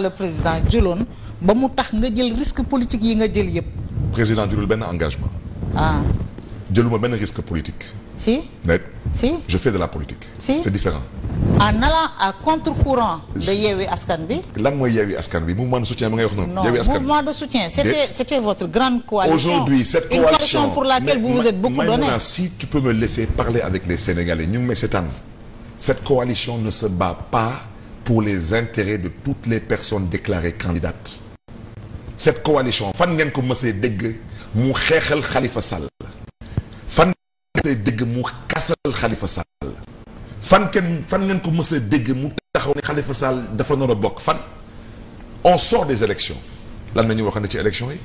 le président jëloon ba mu tax nga jël risque politique yi nga jël yëpp. président jëlul benn engagement. ah. jëluma benn risque politique. si si je fais de la politique. si c'est différent. en allant à contre-courant. de Yewwi Askan Wi. mooy Yewwi mouvement de soutien bi ngay wax noonu. Yewwi Askan Wi non mouvement de soutien c'était c'était votre grande coalition. une coalition pour laquelle vous vous êtes beaucoup donné. si tu peux me laisser parler avec les Sénégalais ñu ngi may seetaan cette coalition ne se bat pas. pour les intérêts de toutes les personnes déclarées candidates cette coalition fan ngeen ko mësee dégg mu xeexal Khalifa Sall fan dégg mu kasal Khalifa fan kenn fan ngeen ko mësee dégg mu taxaw ne xalifa Sall dafa nar a bokk fan on sort des élections lan nañu wax ne ci élections yi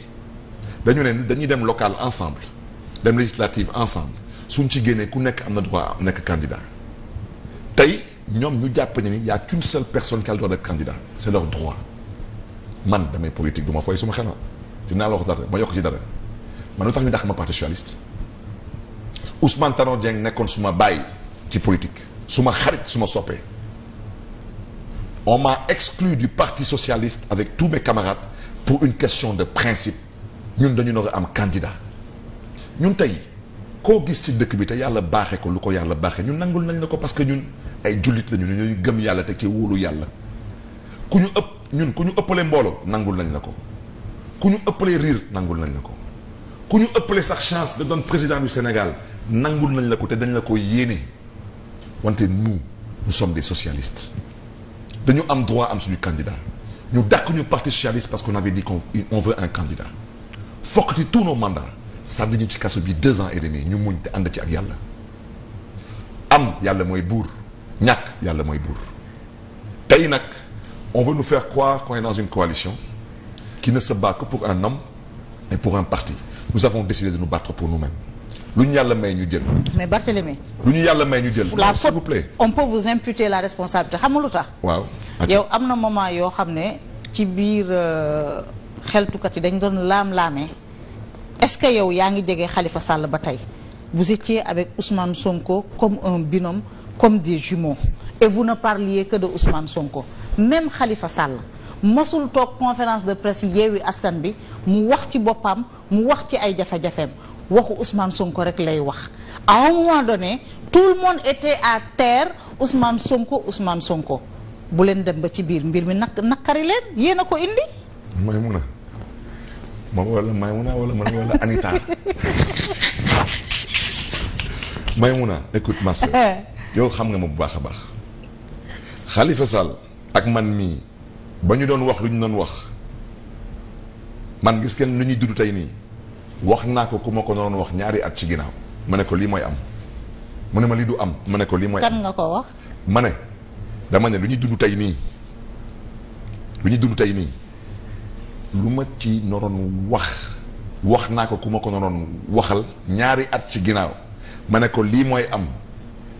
dañu ne dañuy dem local ensemble dem législative ensemble suñ ci génnee ku nekk am na droit nekk candidat ñoom ñu jàpp ne ni y' a qu'une seule personne qui a le droit d'être candidat c' leur droit man damay politique du ma fooy suma xelal dinaa la wax dara ma yokk ci dara ma lu tax ñu dàq ma parti socialiste Ousmane Tanor Dieng nekkoon suma bàyyi ci politique suma xarit ma soppee on m'a exclu du parti socialiste avec tous mes camarades pour une question de principe ñun dañu nar a am candidat ñun tey koo gis ci dëkk bi te yàlla baaxee ko lu ko yàlla baaxee ñun nangul nañ la ko parce que ñun ay jullit lañu dañuy gëm yàlla te ci wóolu yàlla ku ñu ëpp ñun ku ñu ëppale mbooloo nangul nañ la ko ku ñu ëppalee riir nangul nañ la ko ku ñu ëppalee sax chance nga doon président du Sénégal nangul nañ la ko te dañ la ko yéene wante nous some sommes des dañu am droit am suñu candidat ñu dàq ñu parti socialiste parce qu'on avait dit qu'on on veut un candidat fokkati tous nos mandats sànni ñu ci kaso bi deux ans et demi ñu muñ te ànd ci ak yàlla am yàlla mooy buur ñàkk yàlla mooy buur tey nag on veut nous faire croire qu'on est dans une que pour un homme et pour un parti nous avons décidé de nous battre pour nous-mêmes lu ñu yàlla may ñu jël. mais Barthélémy. lu ñu yàlla may ñu jël. la s'il vous plaît. on peut vous imputer la responsabilité xam nga lu tax. waaw yow am na moment yoo xam ne ci biir euh, xeltukat yi dañ doon laam-laamee est-ce que yow yaa ngi jege xalifa sàll ba tey vous étiez avec Ousmane Sonko comme un binôme. comme des jumeaux et vous ne parliez que Sonko même xalifa Sall masul toog conférence de presse yeewi askan bi mu wax ci boppam mu wax ci ay jafe-jafeem waxu Ousmane Sonko rek lay wax à un moment donné tout le monde était à terre Ousmane Sonko usmaan Sonko bu leen dem ba ci biir mbir mi nak nakari leen yéen a ko indi. Maymuna moom wala Maymuna écoute ma yow xam nga ma bu baax a baax Khalifa Sall ak man mii ba ñu doon wax lu ñu doon wax man gis kenn lu ñuy dudd tey nii wax naa ko ko noonu wax ñaari at ci ginnaaw ma ne ko lii mooy am mu ne ma lii du am ma ne ko lii mooy am nga ko wax ma ne dama ne lu ñuy dund tey nii lu ñuy dund tey nii lu ma ci noroon wax wax naa ko ku ma ko noroon waxal ñaari at ci ginnaaw ma ne ko lii mooy am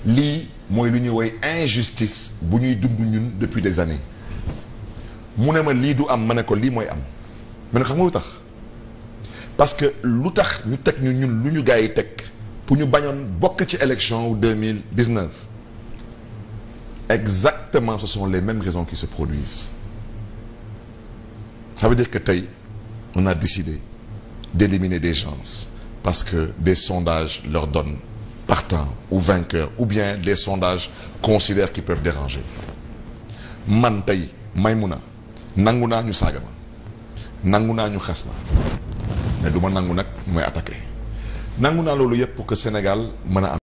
lii mooy lu ñuy woy injustice bu ñuy dund ñun depuis des années mu ne ma lii du am ma ne ko lii mooy am ma ne xam nga lu tax parce que lu tax ñu teg ñu ñun lu ñu gars yi teg pour ñu bañoon bokk ci élection deux mille dix neuf exactement ce sont les mêmes raisons qui se produisent ça veut dire que tey on a décidé d'éliminer des gens parce que des sondages leur donnent partant ou vainqueur ou bien des sondages considère qu'ils peuvent déranger man tey may Maimouna nangu naa ñu saaga ma nangu naa ñu xas ma mais du nangu nag mooy attaqué nangu naa loolu yëpp pour que Sénégal mën a am